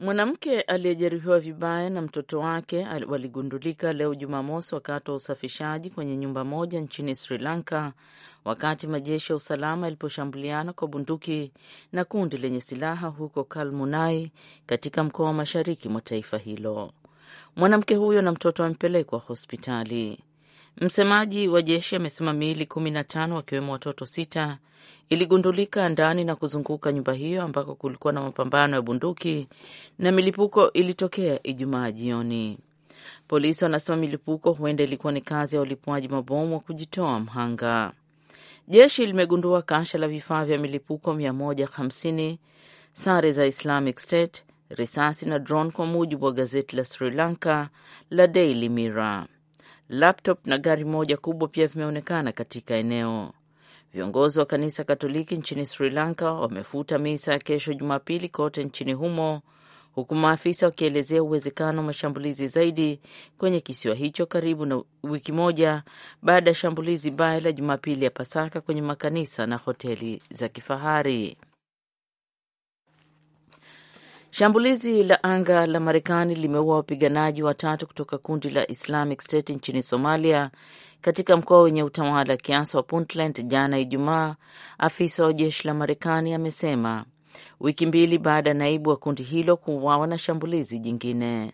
Mwanamke aliyejeruhiwa vibaya na mtoto wake waligundulika leo Jumamosi wakati wa usafishaji kwenye nyumba moja nchini Sri Lanka, wakati majeshi ya usalama yaliposhambuliana kwa bunduki na kundi lenye silaha huko Kalmunai katika mkoa wa mashariki mwa taifa hilo. Mwanamke huyo na mtoto amepelekwa hospitali. Msemaji wa jeshi amesema miili kumi na tano wakiwemo watoto sita iligundulika ndani na kuzunguka nyumba hiyo ambako kulikuwa na mapambano ya bunduki na milipuko ilitokea Ijumaa jioni. Polisi wanasema milipuko huenda ilikuwa ni kazi ya ulipuaji mabomu wa kujitoa mhanga. Jeshi limegundua kasha la vifaa vya milipuko 150, sare za Islamic State, risasi na drone, kwa mujibu wa gazeti la Sri Lanka la Daily Mirror laptop na gari moja kubwa pia vimeonekana katika eneo. Viongozi wa kanisa Katoliki nchini Sri Lanka wamefuta misa ya kesho Jumapili kote nchini humo, huku maafisa wakielezea uwezekano wa mashambulizi zaidi kwenye kisiwa hicho karibu na wiki moja baada ya shambulizi baya la Jumapili ya Pasaka kwenye makanisa na hoteli za kifahari. Shambulizi la anga la Marekani limeua wapiganaji watatu kutoka kundi la Islamic State nchini Somalia, katika mkoa wenye utawala kiasi wa Puntland jana Ijumaa, afisa wa jeshi la Marekani amesema, wiki mbili baada ya naibu wa kundi hilo kuuawa na shambulizi jingine.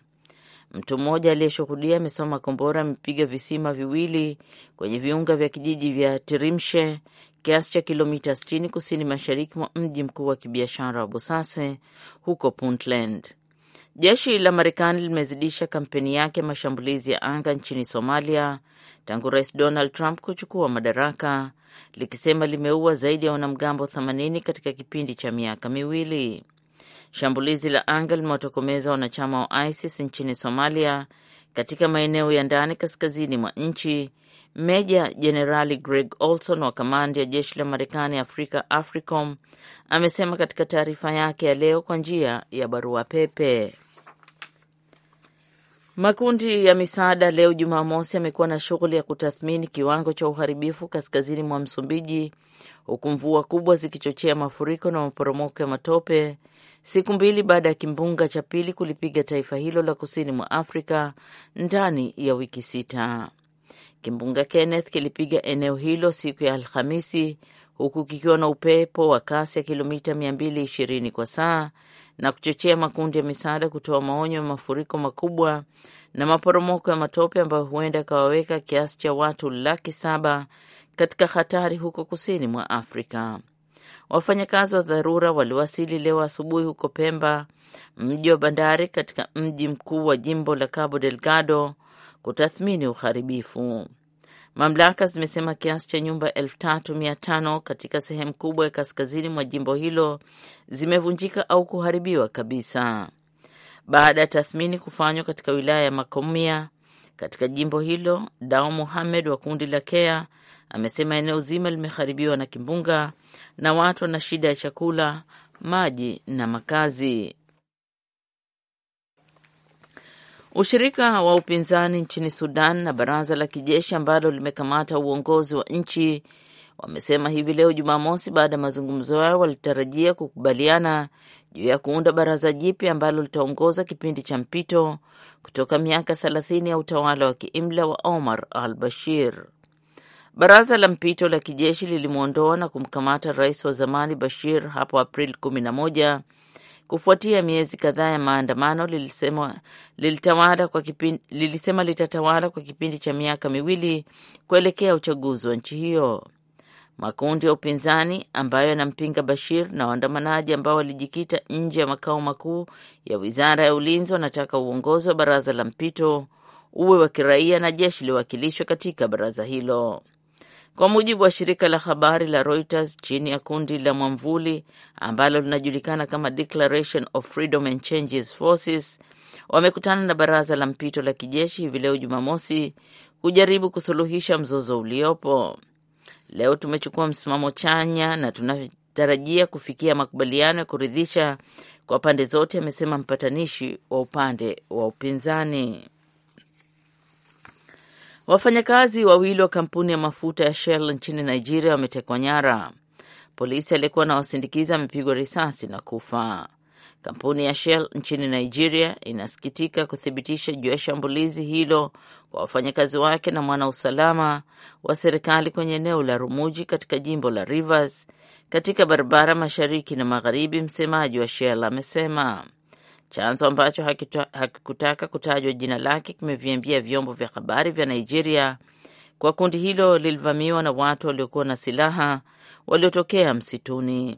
Mtu mmoja aliyeshuhudia amesema makombora amepiga visima viwili kwenye viunga vya kijiji vya Tirimshe, kiasi cha kilomita 60 kusini mashariki mwa mji mkuu wa kibiashara wa Bosase huko Puntland. Jeshi la Marekani limezidisha kampeni yake ya mashambulizi ya anga nchini Somalia tangu Rais Donald Trump kuchukua madaraka, likisema limeua zaidi ya wanamgambo 80 katika kipindi cha miaka miwili. Shambulizi la anga limewatokomeza wanachama wa ISIS nchini Somalia katika maeneo ya ndani kaskazini mwa nchi Meja Jenerali Greg Olson wa kamandi ya jeshi la Marekani Afrika, AFRICOM, amesema katika taarifa yake ya leo kwa njia ya barua pepe. Makundi ya misaada leo Jumamosi yamekuwa na shughuli ya kutathmini kiwango cha uharibifu kaskazini mwa Msumbiji, huku mvua kubwa zikichochea mafuriko na maporomoko ya matope, siku mbili baada ya kimbunga cha pili kulipiga taifa hilo la kusini mwa Afrika ndani ya wiki sita. Kimbunga Kenneth kilipiga eneo hilo siku ya Alhamisi huku kikiwa na upepo wa kasi ya kilomita 220 kwa saa na kuchochea makundi ya misaada kutoa maonyo ya mafuriko makubwa na maporomoko ya matope ambayo huenda yakawaweka kiasi cha watu laki saba katika hatari huko kusini mwa Afrika. Wafanyakazi wa dharura waliwasili leo asubuhi huko Pemba, mji wa bandari katika mji mkuu wa jimbo la Cabo Delgado, kutathmini uharibifu. Mamlaka zimesema kiasi cha nyumba elfu tatu mia tano katika sehemu kubwa ya kaskazini mwa jimbo hilo zimevunjika au kuharibiwa kabisa. Baada ya tathmini kufanywa katika wilaya ya Makomia katika jimbo hilo, Dao Muhamed wa kundi la Kea amesema eneo zima limeharibiwa na kimbunga na watu wana shida ya chakula, maji na makazi. Ushirika wa upinzani nchini Sudan na baraza la kijeshi ambalo limekamata uongozi wa nchi wamesema hivi leo Jumamosi, baada ya mazungumzo yao walitarajia kukubaliana juu ya kuunda baraza jipya ambalo litaongoza kipindi cha mpito kutoka miaka thelathini ya utawala wa kiimla wa Omar al Bashir. Baraza la mpito la kijeshi lilimwondoa na kumkamata rais wa zamani Bashir hapo Aprili kumi na moja kufuatia miezi kadhaa ya maandamano, lilisema, lilitawala kwa kipindi, lilisema litatawala kwa kipindi cha miaka miwili kuelekea uchaguzi wa nchi hiyo. Makundi ya upinzani ambayo yanampinga Bashir na waandamanaji ambao walijikita nje ya makao makuu ya wizara ya ulinzi wanataka uongozi wa baraza la mpito uwe wa kiraia na jeshi liwakilishwe katika baraza hilo. Kwa mujibu wa shirika la habari la Reuters, chini ya kundi la mwamvuli ambalo linajulikana kama Declaration of Freedom and Changes Forces, wamekutana na baraza la mpito la kijeshi hivi leo Jumamosi kujaribu kusuluhisha mzozo uliopo. Leo tumechukua msimamo chanya na tunatarajia kufikia makubaliano ya kuridhisha kwa pande zote, amesema mpatanishi wa upande wa upinzani. Wafanyakazi wawili wa kampuni ya mafuta ya Shell nchini Nigeria wametekwa nyara. Polisi aliyekuwa anawasindikiza amepigwa risasi na kufa. Kampuni ya Shell nchini Nigeria inasikitika kuthibitisha juu ya shambulizi hilo kwa wafanyakazi wake na mwanausalama wa serikali kwenye eneo la Rumuji katika jimbo la Rivers katika barabara mashariki na magharibi. Msemaji wa Shell amesema Chanzo ambacho hakikutaka kutajwa jina lake kimeviambia vyombo vya habari vya Nigeria kwa kundi hilo lilivamiwa na watu waliokuwa na silaha waliotokea msituni.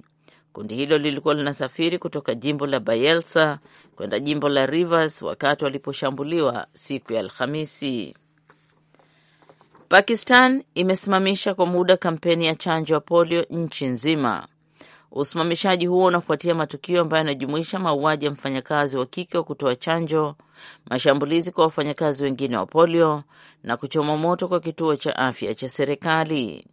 Kundi hilo lilikuwa linasafiri kutoka jimbo la Bayelsa kwenda jimbo la Rivers wakati waliposhambuliwa siku ya Alhamisi. Pakistan imesimamisha kwa muda kampeni ya chanjo ya polio nchi nzima Usimamishaji huo unafuatia matukio ambayo yanajumuisha mauaji ya mfanyakazi wa kike wa kutoa chanjo, mashambulizi kwa wafanyakazi wengine wa polio na kuchoma moto kwa kituo cha afya cha serikali.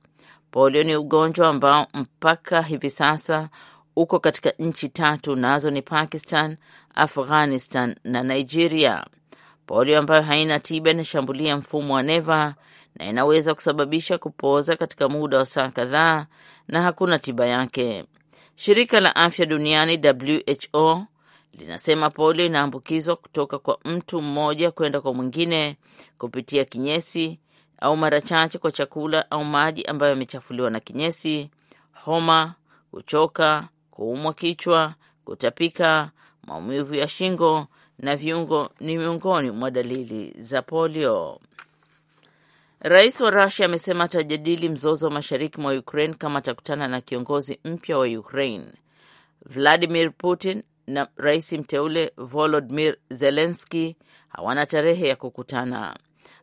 Polio ni ugonjwa ambao mpaka hivi sasa uko katika nchi tatu, nazo ni Pakistan, Afghanistan na Nigeria. Polio ambayo haina tiba inashambulia mfumo wa neva na inaweza kusababisha kupooza katika muda wa saa kadhaa, na hakuna tiba yake. Shirika la afya duniani WHO linasema polio inaambukizwa kutoka kwa mtu mmoja kwenda kwa mwingine kupitia kinyesi au mara chache kwa chakula au maji ambayo yamechafuliwa na kinyesi, homa, kuchoka, kuumwa kichwa, kutapika, maumivu ya shingo na viungo ni miongoni mwa dalili za polio. Rais wa Rusia amesema atajadili mzozo wa mashariki mwa Ukraine kama atakutana na kiongozi mpya wa Ukraine. Vladimir Putin na rais mteule Volodimir Zelenski hawana tarehe ya kukutana.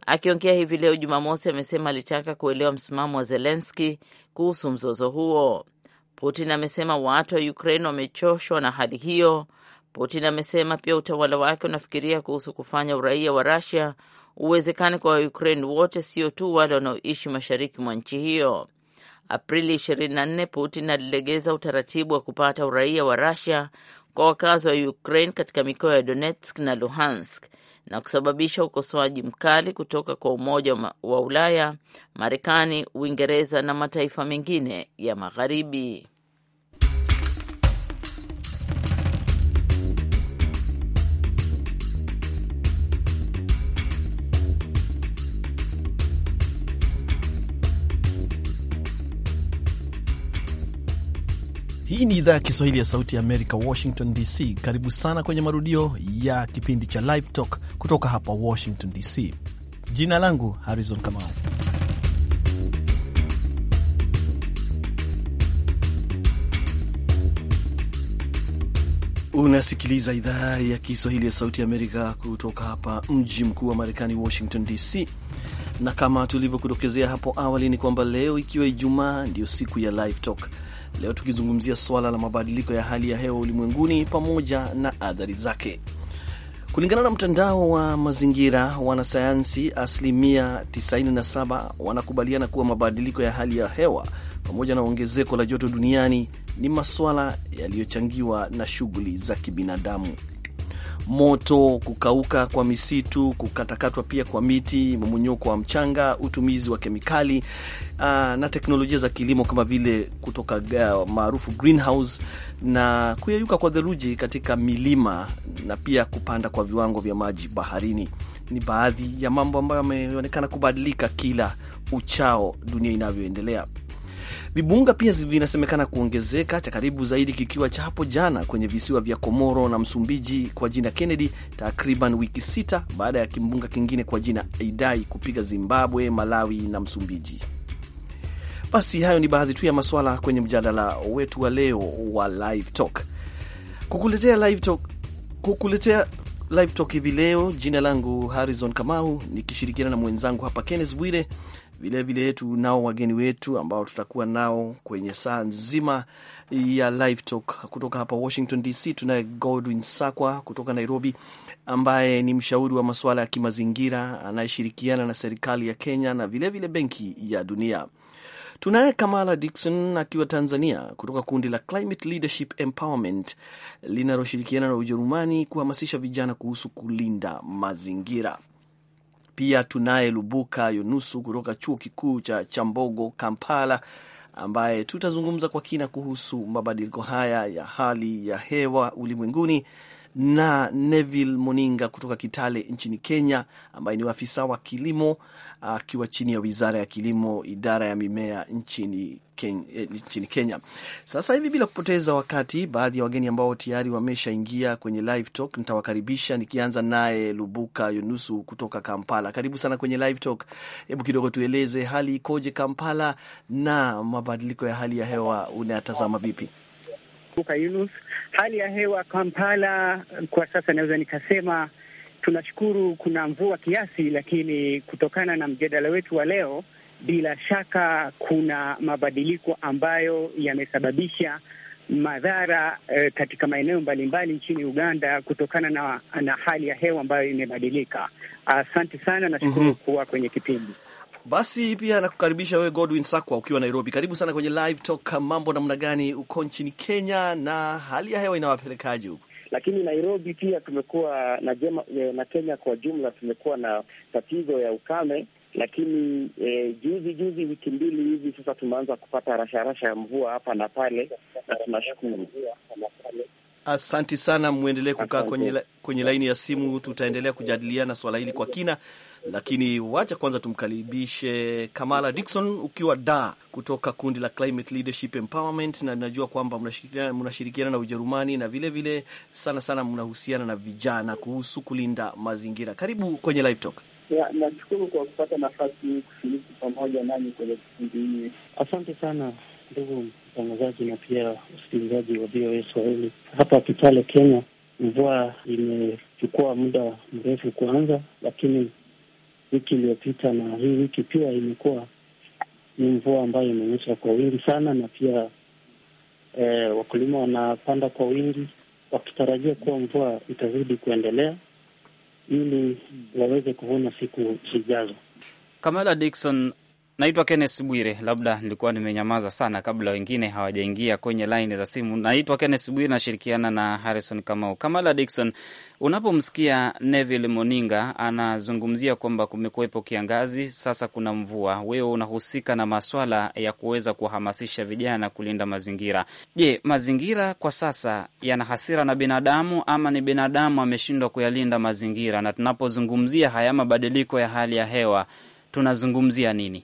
Akiongea hivi leo Jumamosi, amesema alitaka kuelewa msimamo wa Zelenski kuhusu mzozo huo. Putin amesema watu wa Ukraine wamechoshwa na hali hiyo. Putin amesema pia utawala wake unafikiria kuhusu kufanya uraia wa Rusia uwezekani kwa Waukraini wote, sio tu wale wanaoishi mashariki mwa nchi hiyo. Aprili 24 Putin alilegeza utaratibu wa kupata uraia wa Rusia kwa wakazi wa Ukraine katika mikoa ya Donetsk na Luhansk na kusababisha ukosoaji mkali kutoka kwa Umoja wa Ulaya, Marekani, Uingereza na mataifa mengine ya Magharibi. Hii ni idhaa ya Kiswahili ya Sauti ya Amerika, Washington DC. Karibu sana kwenye marudio ya kipindi cha Live Talk kutoka hapa Washington DC. Jina langu Harrison Kamau. Unasikiliza idhaa ya Kiswahili ya Sauti ya Amerika kutoka hapa mji mkuu wa Marekani, Washington DC, na kama tulivyokutokezea hapo awali ni kwamba leo ikiwa Ijumaa ndiyo siku ya Live Talk, leo tukizungumzia swala la mabadiliko ya hali ya hewa ulimwenguni pamoja na athari zake. Kulingana na mtandao wa mazingira, wanasayansi asilimia 97 wanakubaliana kuwa mabadiliko ya hali ya hewa pamoja na ongezeko la joto duniani ni maswala yaliyochangiwa na shughuli za kibinadamu moto, kukauka kwa misitu, kukatakatwa pia kwa miti, mmonyoko wa mchanga, utumizi wa kemikali uh, na teknolojia za kilimo kama vile kutoka ah, maarufu greenhouse na kuyeyuka kwa theluji katika milima na pia kupanda kwa viwango vya maji baharini ni baadhi ya mambo ambayo yameonekana kubadilika kila uchao dunia inavyoendelea vibunga pia vinasemekana kuongezeka, cha karibu zaidi kikiwa cha hapo jana kwenye visiwa vya Komoro na Msumbiji kwa jina Kennedy, takriban wiki sita baada ya kimbunga kingine kwa jina Idai kupiga Zimbabwe, Malawi na Msumbiji. Basi hayo ni baadhi tu ya maswala kwenye mjadala wetu wa leo wa Live Talk. Kukuletea Live Talk, kukuletea Live Talk hivi leo, jina langu Harrison Kamau nikishirikiana na mwenzangu hapa Kenneth Bwire, Vilevile tunao wageni wetu ambao tutakuwa nao kwenye saa nzima ya live talk. Kutoka hapa Washington DC tunaye Godwin Sakwa kutoka Nairobi, ambaye ni mshauri wa masuala ya kimazingira anayeshirikiana na serikali ya Kenya na vilevile Benki ya Dunia. Tunaye Kamala Dixon akiwa Tanzania kutoka kundi la Climate Leadership Empowerment linaloshirikiana na Ujerumani kuhamasisha vijana kuhusu kulinda mazingira. Pia tunaye Lubuka Yunusu kutoka chuo kikuu cha Chambogo, Kampala, ambaye tutazungumza kwa kina kuhusu mabadiliko haya ya hali ya hewa ulimwenguni na Neville Moninga kutoka Kitale nchini Kenya, ambaye ni afisa wa kilimo akiwa chini ya wizara ya kilimo, idara ya mimea nchini Kenya, eh, nchini Kenya. Sasa hivi bila kupoteza wakati, baadhi ya wageni ambao tayari wameshaingia kwenye live talk nitawakaribisha, nikianza naye Lubuka Yunusu kutoka Kampala. Karibu sana kwenye live talk. Hebu kidogo tueleze hali ikoje Kampala na mabadiliko ya hali ya hewa unayatazama vipi? Lubuka Hali ya hewa Kampala kwa sasa naweza nikasema tunashukuru kuna mvua kiasi, lakini kutokana na mjadala wetu wa leo, bila shaka kuna mabadiliko ambayo yamesababisha madhara eh, katika maeneo mbalimbali nchini Uganda kutokana na, na hali ya hewa ambayo imebadilika. Asante sana, nashukuru mm -hmm. kuwa kwenye kipindi. Basi pia nakukaribisha wewe Godwin Sakwa ukiwa Nairobi. Karibu sana kwenye live talk. Mambo namna gani uko nchini Kenya na hali ya hewa inawapelekaje huko? Lakini Nairobi pia tumekuwa na jema, eh, na Kenya kwa jumla tumekuwa na tatizo ya ukame lakini eh, juzi juzi wiki mbili hivi sasa tumeanza kupata rasharasha rasha ya mvua hapa na pale, na tunashukuru. Asanti sana, mwendelee kukaa kwenye, kwenye laini ya simu. Tutaendelea kujadiliana swala hili kwa kina lakini wacha kwanza tumkaribishe Kamala Dikson ukiwa da kutoka kundi la Climate Leadership Empowerment, na najua kwamba mnashirikiana na Ujerumani na vilevile vile, sana sana mnahusiana na vijana kuhusu kulinda mazingira. Karibu kwenye Live Talk. Nashukuru kwa kupata nafasi hii kushiriki pamoja nanyi kwenye kipindi hii. Asante sana ndugu mtangazaji na pia usikilizaji wa VOA Swahili. Hapa Kitale, Kenya, mvua imechukua muda mrefu kuanza, lakini wiki iliyopita na hii wiki pia imekuwa ni mvua ambayo imeonyesha kwa wingi sana, na pia e, wakulima wanapanda kwa wingi wakitarajia kuwa mvua itazidi kuendelea ili waweze kuvuna siku zijazo. Kamala Dikson, Naitwa Kenneth Bwire. Labda nilikuwa nimenyamaza sana kabla wengine hawajaingia kwenye laini za simu. Naitwa Kenneth Bwire, nashirikiana na Harrison Kamau. Kamala Dikson, unapomsikia Neville Moninga anazungumzia kwamba kumekuwepo kiangazi, sasa kuna mvua, wewe unahusika na maswala ya kuweza kuhamasisha vijana kulinda mazingira. Je, mazingira kwa sasa yana hasira na binadamu ama ni binadamu ameshindwa kuyalinda mazingira? Na tunapozungumzia haya mabadiliko ya hali ya hewa tunazungumzia nini?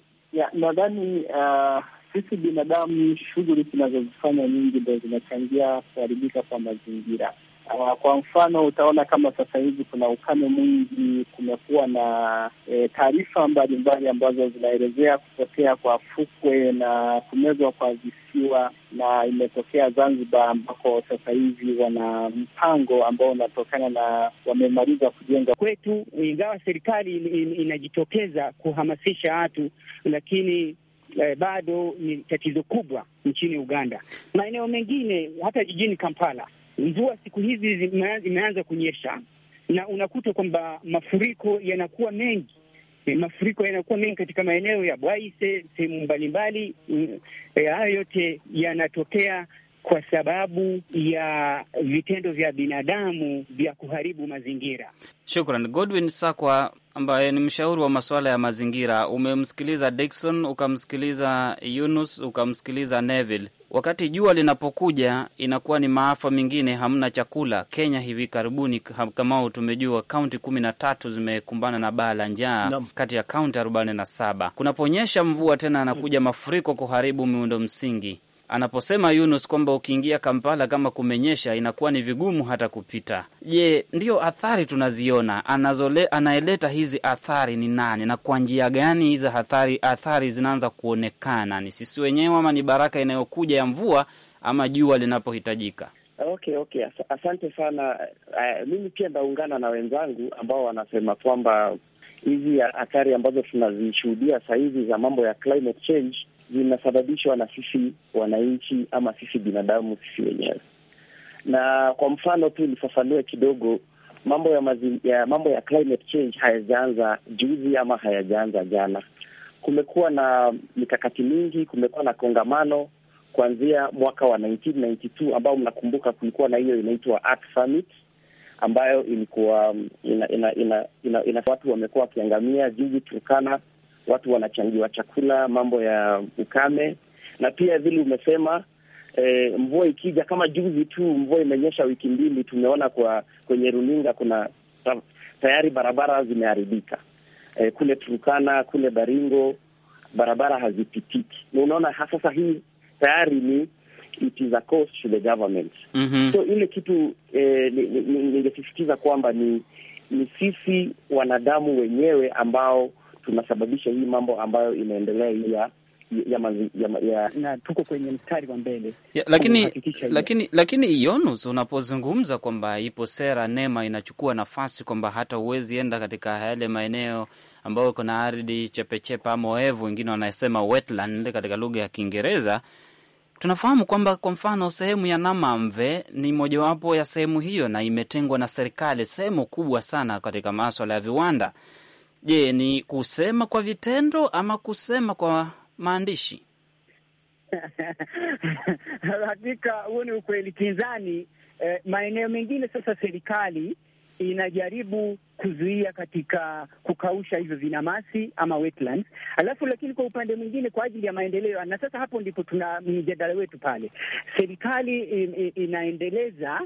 Nadhani uh, sisi binadamu, shughuli tunazozifanya nyingi ndo zinachangia kuharibika kwa mazingira. Uh, kwa mfano utaona kama sasa hivi kuna ukame mwingi, kumekuwa na e, taarifa mbalimbali ambazo zinaelezea kupotea kwa fukwe na kumezwa kwa visiwa, na imetokea Zanzibar ambako sasa hivi wana mpango ambao unatokana na wamemaliza kujenga kwetu. Ingawa serikali in, in, inajitokeza kuhamasisha watu, lakini eh, bado ni tatizo kubwa nchini Uganda, maeneo mengine hata jijini Kampala Mvua siku hizi imeanza kunyesha na unakuta kwamba mafuriko yanakuwa mengi e, mafuriko yanakuwa mengi katika maeneo ya Bwaise, sehemu mbalimbali. Mm, e, hayo yote yanatokea kwa sababu ya vitendo vya binadamu vya kuharibu mazingira. Shukran. Godwin Sakwa ambaye ni mshauri wa masuala ya mazingira, umemsikiliza Dikson, ukamsikiliza Yunus, ukamsikiliza Neville. Wakati jua linapokuja inakuwa ni maafa mengine, hamna chakula. Kenya hivi karibuni, Kamau, tumejua kaunti kumi na tatu zimekumbana na baa la njaa kati ya kaunti arobaini na saba. Kunaponyesha mvua tena anakuja mafuriko kuharibu miundo msingi anaposema Yunus kwamba ukiingia Kampala kama kumenyesha inakuwa ni vigumu hata kupita. Je, ndiyo athari tunaziona anazole, anaeleta hizi athari ni nani na kwa njia gani hizi athari athari zinaanza kuonekana? Ni sisi wenyewe ama ni baraka inayokuja ya mvua ama jua linapohitajika? Okay, okay, asante sana. Uh, mimi pia naungana na wenzangu ambao wanasema kwamba hizi athari ambazo tunazishuhudia sahizi za mambo ya climate change zinasababishwa na sisi wananchi ama sisi binadamu sisi wenyewe. Na kwa mfano tu nifafanue kidogo mambo ya mazi, ya mambo ya climate change hayajaanza juzi ama hayajaanza jana. Kumekuwa na mikakati mingi, kumekuwa na kongamano kuanzia mwaka wa 1992 ambao mnakumbuka, kulikuwa na hiyo inaitwa Summit ambayo ilikuwa ina, ina, ina, ina, ina, ina watu wamekuwa wakiangamia juzi Turkana watu wanachangiwa chakula, mambo ya ukame, na pia vile umesema E, mvua ikija kama juzi tu mvua imenyesha wiki mbili, tumeona kwa kwenye runinga kuna ta, tayari barabara zimeharibika e, kule turukana kule Baringo barabara hazipitiki, na unaona sasa hii tayari ni it is a cost to the government. Mm -hmm. So ile kitu e, ningesisitiza kwamba ni ni sisi wanadamu wenyewe ambao tunasababisha hii mambo ambayo inaendelea hii ya ya ya, ya, na tuko kwenye mstari wa mbele ya, lakini lakini lakini Yunus, unapozungumza kwamba ipo sera nema inachukua nafasi kwamba hata huwezi enda katika yale maeneo ambayo kuna ardhi chepechepa ama oevu, wengine wanasema wetland katika lugha ya Kiingereza. Tunafahamu kwamba kwa mfano sehemu ya Namamve ni mojawapo ya sehemu hiyo, na imetengwa na serikali sehemu kubwa sana katika maswala ya viwanda Je, ni kusema kwa vitendo ama kusema kwa maandishi? Hakika huo ni ukweli kinzani. Eh, maeneo mengine sasa serikali inajaribu kuzuia katika kukausha hivyo vinamasi ama wetlands, alafu lakini kwa upande mwingine kwa ajili ya maendeleo, na sasa hapo ndipo tuna mjadala wetu pale, serikali in, eh, in, eh, inaendeleza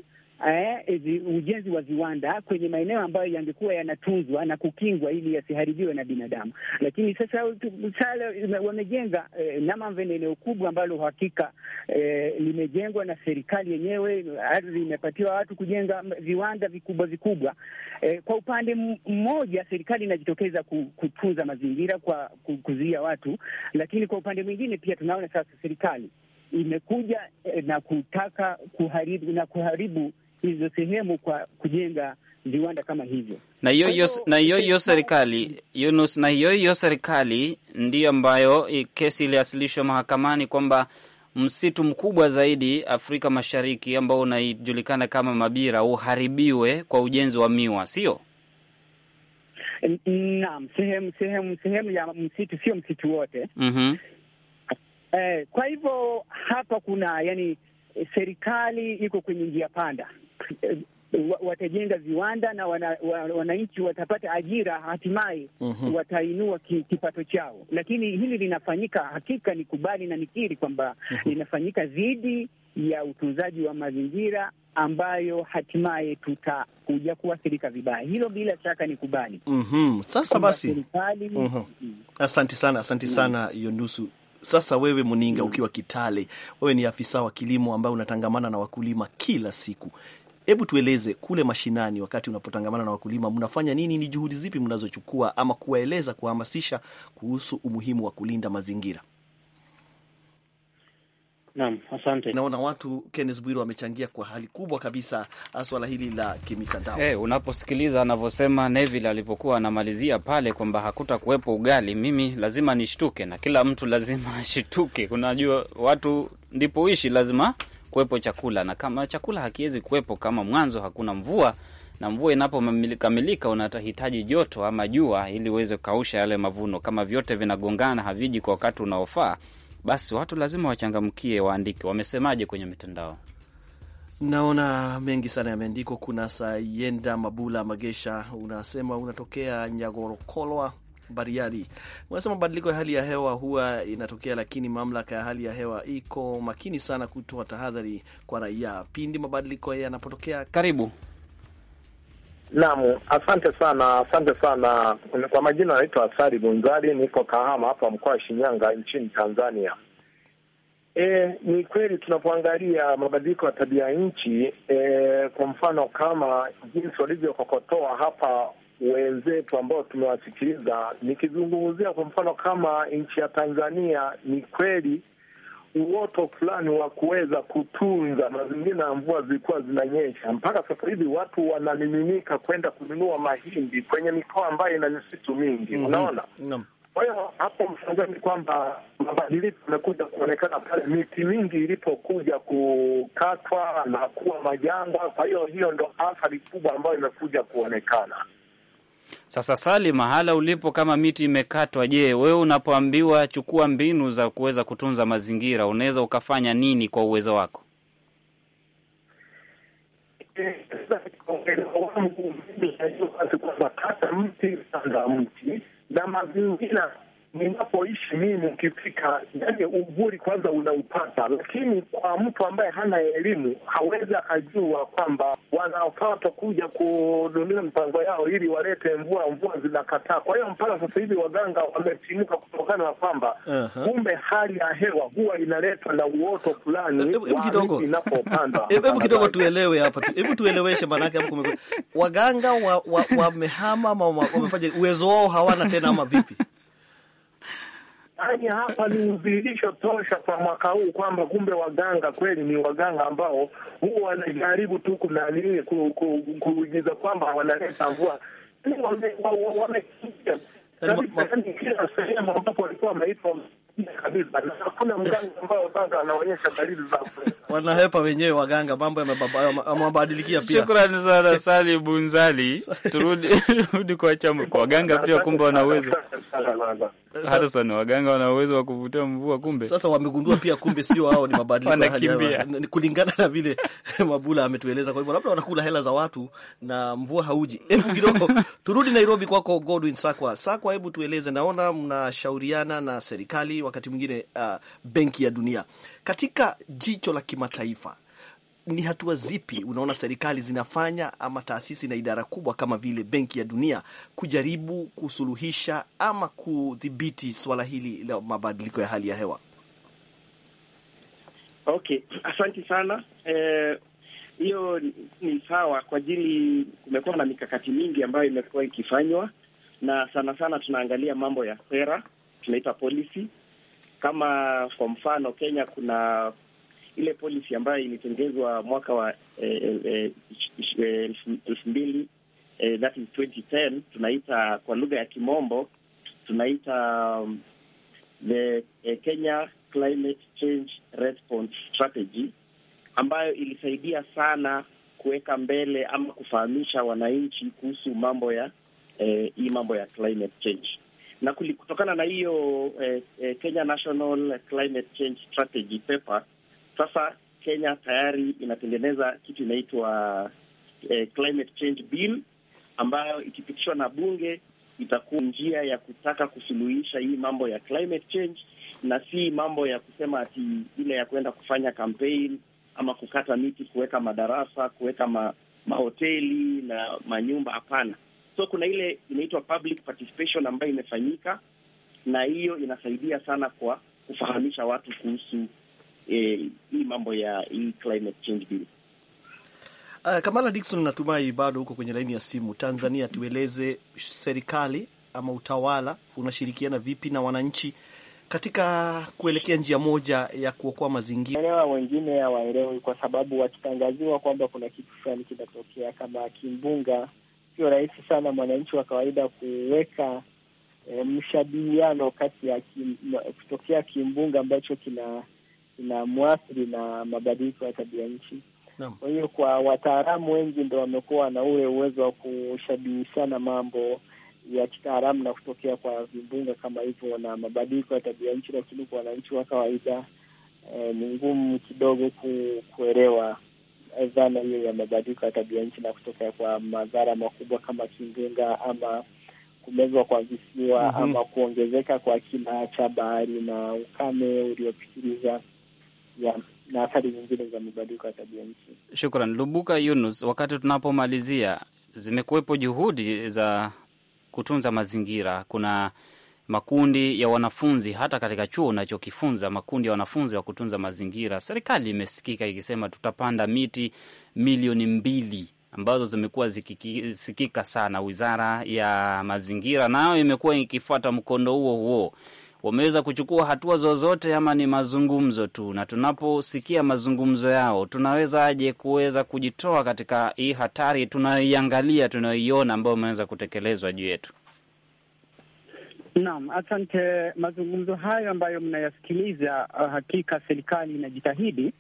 eh, eh ujenzi wa viwanda kwenye maeneo ambayo yangekuwa yanatunzwa na kukingwa ili yasiharibiwe na binadamu. Lakini sasa wamejenga eh, ni eneo kubwa ambalo uhakika eh, limejengwa na serikali yenyewe, ardhi imepatiwa watu kujenga viwanda vikubwa vikubwa. Eh, kwa upande mmoja serikali inajitokeza kutunza mazingira kwa kuzuia watu, lakini kwa upande mwingine pia tunaona sasa serikali imekuja eh, na kutaka kuharibu na kuharibu hizo sehemu kwa kujenga viwanda kama hivyo. Na hiyo hiyo na hiyo hiyo serikali Yunus, na hiyo hiyo serikali ndiyo ambayo kesi iliwasilishwa mahakamani kwamba msitu mkubwa zaidi Afrika Mashariki ambao unajulikana kama Mabira uharibiwe kwa ujenzi wa miwa, sio? Naam, sehemu sehemu sehemu ya msitu, sio msitu wote. mm -hmm. Eh, kwa hivyo hapa kuna yani serikali iko kwenye njia panda watajenga viwanda na wananchi wana, watapata ajira hatimaye, mm -hmm. watainua ki, kipato chao. Lakini hili linafanyika, hakika ni kubali na nikiri kwamba mm -hmm. linafanyika dhidi ya utunzaji wa mazingira ambayo hatimaye tutakuja kuathirika vibaya. Hilo bila shaka ni kubali. mm -hmm. Sasa basi serikali... mm -hmm. asante sana, asante mm. sana yondusu Sasa wewe Muninga, mm. ukiwa Kitale, wewe ni afisa wa kilimo ambaye unatangamana na wakulima kila siku. Hebu tueleze kule mashinani, wakati unapotangamana na wakulima, mnafanya nini? Ni juhudi zipi mnazochukua ama kuwaeleza, kuhamasisha kuhusu umuhimu wa kulinda mazingira? Naam, asante. Naona watu Kenneth Bwiro wamechangia kwa hali kubwa kabisa swala hili la kimitandao. Hey, eh, unaposikiliza anavyosema Neville alipokuwa anamalizia pale kwamba hakuta kuwepo ugali, mimi lazima nishtuke na kila mtu lazima ashituke. Unajua watu ndipo lazima kuwepo chakula, na kama chakula hakiwezi kuwepo kama mwanzo hakuna mvua, na mvua inapokamilika unatahitaji joto ama jua ili uweze kukausha yale mavuno. Kama vyote vinagongana, haviji kwa wakati unaofaa, basi watu lazima wachangamkie, waandike wamesemaje kwenye mitandao. Naona mengi sana yameandikwa. Kuna Sayenda Mabula Magesha unasema unatokea Nyagorokolwa Bariadi unasema mabadiliko ya hali ya hewa huwa inatokea, lakini mamlaka ya hali ya hewa iko makini sana kutoa tahadhari kwa raia pindi mabadiliko yanapotokea. Karibu. Naam, asante sana, asante sana kwa majina. anaitwa Asari Bunzari, niko Kahama hapa mkoa wa Shinyanga nchini Tanzania. E, ni kweli tunapoangalia mabadiliko ya tabia nchi e, kwa mfano kama jinsi walivyokokotoa hapa wenzetu ambao tumewasikiliza, nikizungumzia kwa mfano kama nchi ya Tanzania, ni kweli uoto fulani wa kuweza kutunza mazingira ya mvua zilikuwa zinanyesha. Mpaka sasa hivi watu wanamiminika kwenda kununua mahindi kwenye mikoa ambayo ina misitu mingi. mm -hmm. Unaona, no. Kwa hiyo hapo ni kwamba mabadiliko yamekuja kuonekana pale miti mingi ilipokuja kukatwa na kuwa majanga. Kwa hiyo hiyo ndo athari kubwa ambayo imekuja kuonekana. Sasa Sali, mahala ulipo, kama miti imekatwa, je, wewe unapoambiwa chukua mbinu za kuweza kutunza mazingira, unaweza ukafanya nini kwa uwezo wako? kwamba kata mti, panda mti na mazingira ninapoishi mimi ukifika, yani uguri kwanza unaupata, lakini kwa mtu ambaye hana elimu hawezi akajua kwamba wanapaswa kuja kudunia mipango yao ili walete mvua, mvua zinakataa. Kwa hiyo mpaka sasa hivi waganga wametimuka kutokana na kwamba kumbe hali ya hewa huwa inaletwa na uoto fulani. Hebu kidogo inapopanda, hebu kidogo tuelewe hapa, hebu tueleweshe, maanake waganga wamehama, wamefanya uwezo wao hawana tena, ama vipi? yaani hapa ni udhihirisho tosha kwa mwaka huu kwamba kumbe waganga kweli ni waganga ambao huwa wanajaribu tu kunanii kuigiza kwamba wanaleta mvua kila sehemu ambapo walikuwa wameitwa wanahepa wenyewe waganga, mambo yamewabadilikia pia. Shukrani sana Sali Bunzali, turudi kwa waganga pia, kumbe wanaweza hata sana waganga wana uwezo wa kuvutia mvua, kumbe sasa wamegundua pia, kumbe sio hao, ni mabadiliko ya kulingana na vile Mabula ametueleza. Kwa hivyo labda wanakula hela za watu na mvua hauji. Hebu kidogo turudi Nairobi kwako Godwin Sakwa. Sakwa, hebu tueleze, naona mnashauriana na serikali, wakati mwingine uh, Benki ya Dunia katika jicho la kimataifa ni hatua zipi unaona serikali zinafanya ama taasisi na idara kubwa kama vile Benki ya Dunia kujaribu kusuluhisha ama kudhibiti swala hili la mabadiliko ya hali ya hewa? Okay, asante sana. Eh, hiyo eh, ni sawa kwa ajili, kumekuwa na mikakati mingi ambayo imekuwa ikifanywa, na sana sana tunaangalia mambo ya sera, tunaita policy. Kama kwa mfano Kenya kuna ile polisi ambayo ilitengezwa mwaka wa eh, eh, eh, elfu mbili that is 2010 tunaita kwa lugha ya kimombo tunaita um, the Kenya Climate Change Response Strategy ambayo ilisaidia sana kuweka mbele ama kufahamisha wananchi kuhusu mambo ya eh, hii mambo ya climate change na kutokana na hiyo eh, eh, Kenya National Climate Change Strategy paper sasa Kenya tayari inatengeneza kitu inaitwa eh, climate change bill ambayo ikipitishwa na bunge itakuwa njia ya kutaka kusuluhisha hii mambo ya climate change, na si mambo ya kusema ati ile ya kuenda kufanya campaign ama kukata miti, kuweka madarasa, kuweka ma, mahoteli na manyumba. Hapana. So kuna ile inaitwa public participation ambayo imefanyika, na hiyo inasaidia sana kwa kufahamisha watu kuhusu Eh, hii mambo ya hii climate change bill. Uh, Kamala Dickson, natumai bado huko kwenye laini ya simu. Tanzania, tueleze serikali ama utawala unashirikiana vipi na wananchi katika kuelekea njia moja ya kuokoa mazingira. Elewa wengine hawaelewi, kwa sababu wakitangaziwa kwamba kuna kitu fulani kinatokea kama kimbunga, sio rahisi sana mwananchi wa kawaida kuweka e, eh, mshabihiano kati ya kim, kutokea kimbunga ambacho kina ina inamwathiri na mabadiliko ya tabia nchi. Kwa hiyo kwa wataalamu wengi ndo wamekuwa na ule uwezo wa kushabihishana mambo ya kitaalamu na kutokea kwa vimbunga kama hivyo na mabadiliko ya tabia nchi, lakini kwa wananchi wa kawaida e, ni ngumu kidogo ku, kuelewa dhana hiyo ya mabadiliko ya tabia nchi na kutokea kwa madhara makubwa kama kimbunga ama kumezwa kwa visiwa mm -hmm. ama kuongezeka kwa kina cha bahari na ukame uliopitiliza ya na athari zingine za mabadiliko ya tabia nchi. Shukran Lubuka Yunus. Wakati tunapomalizia, zimekuwepo juhudi za kutunza mazingira. Kuna makundi ya wanafunzi hata katika chuo unachokifunza, makundi ya wanafunzi wa kutunza mazingira. Serikali imesikika ikisema tutapanda miti milioni mbili ambazo zimekuwa zikisikika sana. Wizara ya mazingira nayo imekuwa ikifuata mkondo huo huo wameweza kuchukua hatua zozote ama ni mazungumzo tu? Na tunaposikia mazungumzo yao, tunawezaje kuweza kujitoa katika hii hatari tunayoiangalia, tunayoiona ambayo wameweza kutekelezwa juu yetu? Naam, asante. Mazungumzo hayo ambayo mnayasikiliza, uh, hakika serikali inajitahidi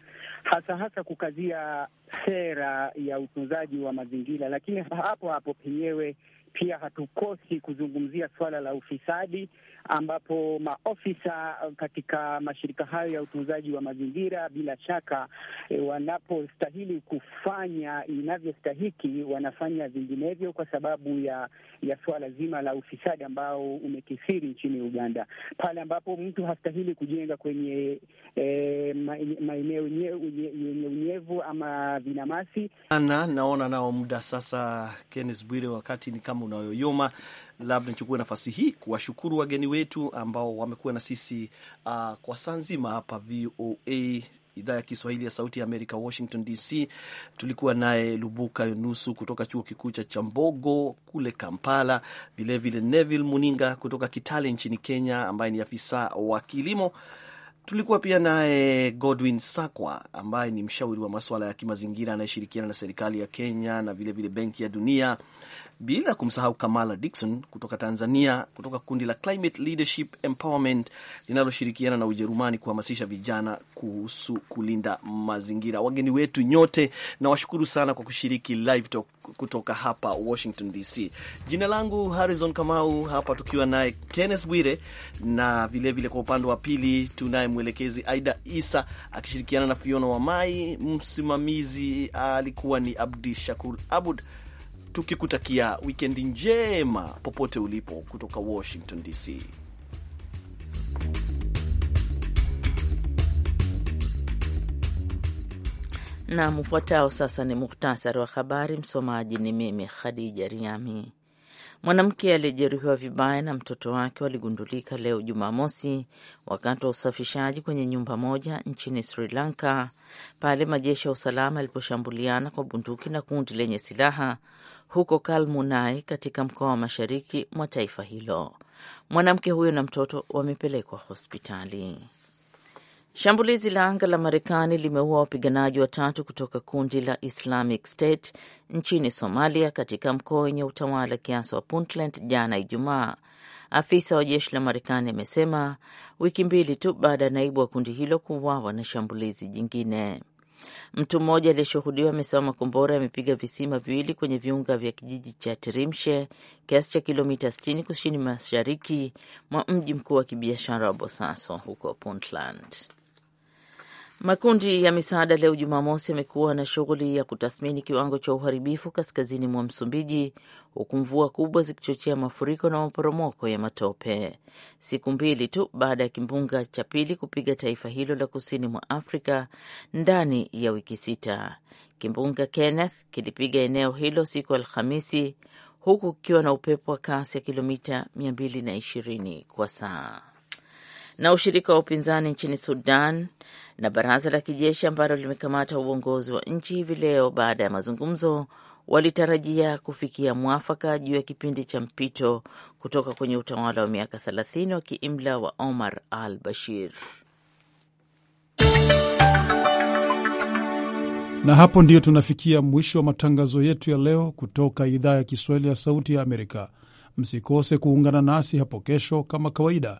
hasa hasa kukazia sera ya utunzaji wa mazingira, lakini hapo hapo penyewe pia hatukosi kuzungumzia suala la ufisadi ambapo maofisa katika mashirika hayo ya utunzaji wa mazingira bila shaka e, wanapostahili kufanya inavyostahiki wanafanya vinginevyo kwa sababu ya ya suala zima la ufisadi ambao umekithiri nchini Uganda. Pale ambapo mtu hastahili kujenga kwenye e, maeneo yenye unyevu ama vinamasi. Ana, naona nao muda sasa, Kenneth Bwire, wakati ni kama unayoyoma labda nichukue nafasi hii kuwashukuru wageni wetu ambao wamekuwa na sisi uh, kwa saa nzima hapa VOA idhaa ya Kiswahili ya Sauti ya Amerika, Washington DC. Tulikuwa naye Lubuka Yunusu kutoka chuo kikuu cha Chambogo kule Kampala, vilevile Neville Muninga kutoka Kitale nchini Kenya, ambaye ni afisa wa kilimo. Tulikuwa pia naye Godwin Sakwa ambaye ni mshauri wa masuala ya kimazingira anayeshirikiana na serikali ya Kenya na vilevile Benki ya Dunia bila kumsahau Kamala Dikson kutoka Tanzania, kutoka kundi la Climate Leadership Empowerment linaloshirikiana na Ujerumani kuhamasisha vijana kuhusu kulinda mazingira. Wageni wetu nyote, nawashukuru sana kwa kushiriki live talk kutoka hapa Washington DC. Jina langu Harrison Kamau, hapa tukiwa naye Kenneth Bwire na vilevile vile, kwa upande wa pili tunaye mwelekezi Aida Isa akishirikiana na Fiona Wamai, msimamizi alikuwa ni Abdi Shakur Abud tukikutakia wikendi njema popote ulipo kutoka Washington DC. Nam ufuatao sasa ni muhtasari wa habari. Msomaji ni mimi Khadija Riami. Mwanamke aliyejeruhiwa vibaya na mtoto wake waligundulika leo Jumamosi wakati wa usafishaji kwenye nyumba moja nchini Sri Lanka pale majeshi ya usalama yaliposhambuliana kwa bunduki na kundi lenye silaha huko Kalmunai katika mkoa wa mashariki mwa taifa hilo. Mwanamke huyo na mtoto wamepelekwa hospitali. Shambulizi la anga la Marekani limeua wapiganaji watatu kutoka kundi la Islamic State nchini Somalia, katika mkoa wenye utawala kiasi wa Puntland jana Ijumaa. Afisa wa jeshi la Marekani amesema wiki mbili tu baada ya naibu wa kundi hilo kuuawa na shambulizi jingine. Mtu mmoja aliyeshuhudiwa amesema makombora yamepiga visima viwili kwenye viunga vya kijiji cha trimshe kiasi cha kilomita 60 kusini mashariki mwa mji mkuu wa kibiashara wa Bosaso huko Puntland. Makundi ya misaada leo Jumamosi yamekuwa na shughuli ya kutathmini kiwango cha uharibifu kaskazini mwa Msumbiji, huku mvua kubwa zikichochea mafuriko na maporomoko ya matope, siku mbili tu baada ya kimbunga cha pili kupiga taifa hilo la kusini mwa Afrika ndani ya wiki sita. Kimbunga Kenneth kilipiga eneo hilo siku Alhamisi, huku kukiwa na upepo wa kasi ya kilomita 220 kwa saa na ushirika wa upinzani nchini Sudan na baraza la kijeshi ambalo limekamata uongozi wa nchi hivi leo baada ya mazungumzo walitarajia kufikia mwafaka juu ya kipindi cha mpito kutoka kwenye utawala wa miaka 30 wa kiimla wa Omar al Bashir. Na hapo ndiyo tunafikia mwisho wa matangazo yetu ya leo kutoka idhaa ya Kiswahili ya Sauti ya Amerika. Msikose kuungana nasi hapo kesho kama kawaida